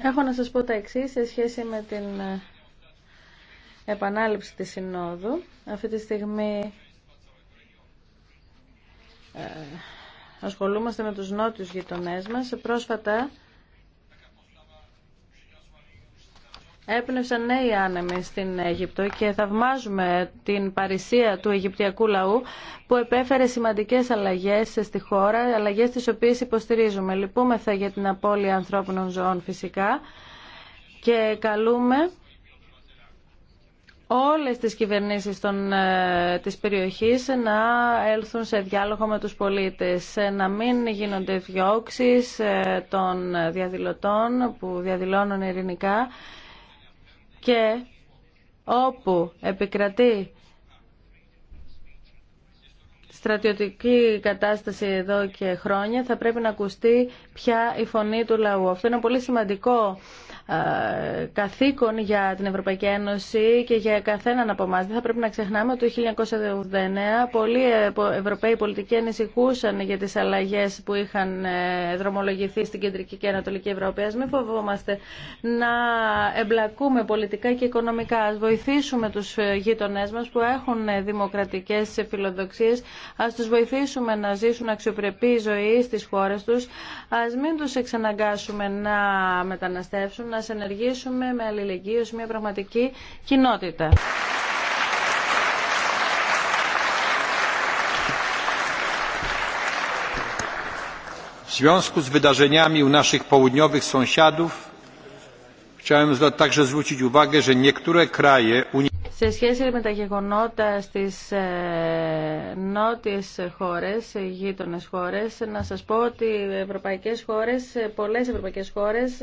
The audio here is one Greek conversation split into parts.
Έχω να σας πω τα εξή σε σχέση με την ε, επανάληψη της Συνόδου. Αυτή τη στιγμή ε, ασχολούμαστε με τους νότιους γειτονές μας. Πρόσφατα Έπνευσαν νέοι άνεμοι στην Αίγυπτο και θαυμάζουμε την παρησία του Αιγυπτιακού λαού που επέφερε σημαντικές αλλαγέ στη χώρα, αλλαγέ τι οποίες υποστηρίζουμε. Λυπούμεθα για την απώλεια ανθρώπινων ζωών φυσικά και καλούμε όλες τις κυβερνήσεις των, ε, της περιοχής να έλθουν σε διάλογο με τους πολίτες, ε, να μην γίνονται διώξεις ε, των διαδηλωτών που διαδηλώνουν ειρηνικά και όπου επικρατεί στρατιωτική κατάσταση εδώ και χρόνια θα πρέπει να ακουστεί πια η φωνή του λαού. Αυτό είναι πολύ σημαντικό ε, καθήκον για την Ευρωπαϊκή Ένωση και για καθέναν από εμά. Δεν θα πρέπει να ξεχνάμε ότι το 1989 πολλοί ε, Ευρωπαίοι πολιτικοί ανησυχούσαν για τις αλλαγέ που είχαν ε, δρομολογηθεί στην Κεντρική και Ανατολική Ευρώπη. Α μην φοβόμαστε να εμπλακούμε πολιτικά και οικονομικά. Α βοηθήσουμε τους γειτονέ μας που έχουν δημοκρατικέ φιλοδοξίε, α του βοηθήσουμε να ζήσουν αξιοπρεπή ζωή στι χώρε του. Α μην του εξαναγκάσουμε να μεταναστεύσουν, να συνεργήσουμε με αλληλεγγύη μια πραγματική κοινότητα. W związku z wydarzeniami u naszych południowych sąsiadów chciałem także zwrócić uwagę, że niektóre kraje Unii σε σχέση με τα γεγονότα στις ε, νότιες χώρες, ε, γείτονες χώρες, να σας πω ότι ευρωπαϊκές χώρες, ε, πολλές ευρωπαϊκές χώρες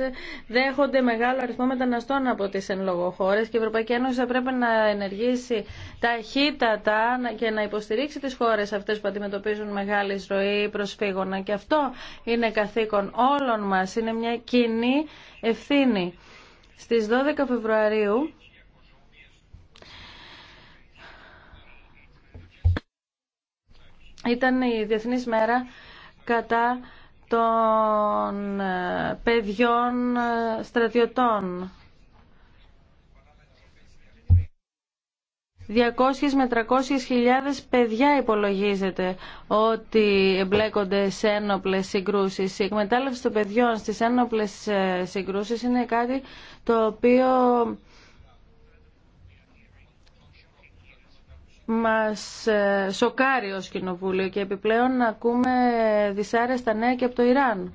δέχονται μεγάλο αριθμό μεταναστών από τις εν λόγω χώρες και η Ευρωπαϊκή Ένωση θα πρέπει να ενεργήσει ταχύτατα και να υποστηρίξει τις χώρες αυτές που αντιμετωπίζουν μεγάλη ζωή προσφύγων. Και αυτό είναι καθήκον όλων μας, είναι μια κοινή ευθύνη. Στις 12 Φεβρουαρίου ήταν η Διεθνής Μέρα κατά των ε, παιδιών ε, στρατιωτών. 200 με 300 χιλιάδες παιδιά υπολογίζεται ότι εμπλέκονται σε ένοπλες συγκρούσεις. Η εκμετάλλευση των παιδιών στις ένοπλες ε, συγκρούσεις είναι κάτι το οποίο μας ε, σοκάρει ως κοινοβούλιο και επιπλέον να ακούμε δυσάρεστα νέα και από το Ιράν.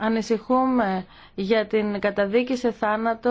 Ανησυχούμε για την καταδίκη σε θάνατο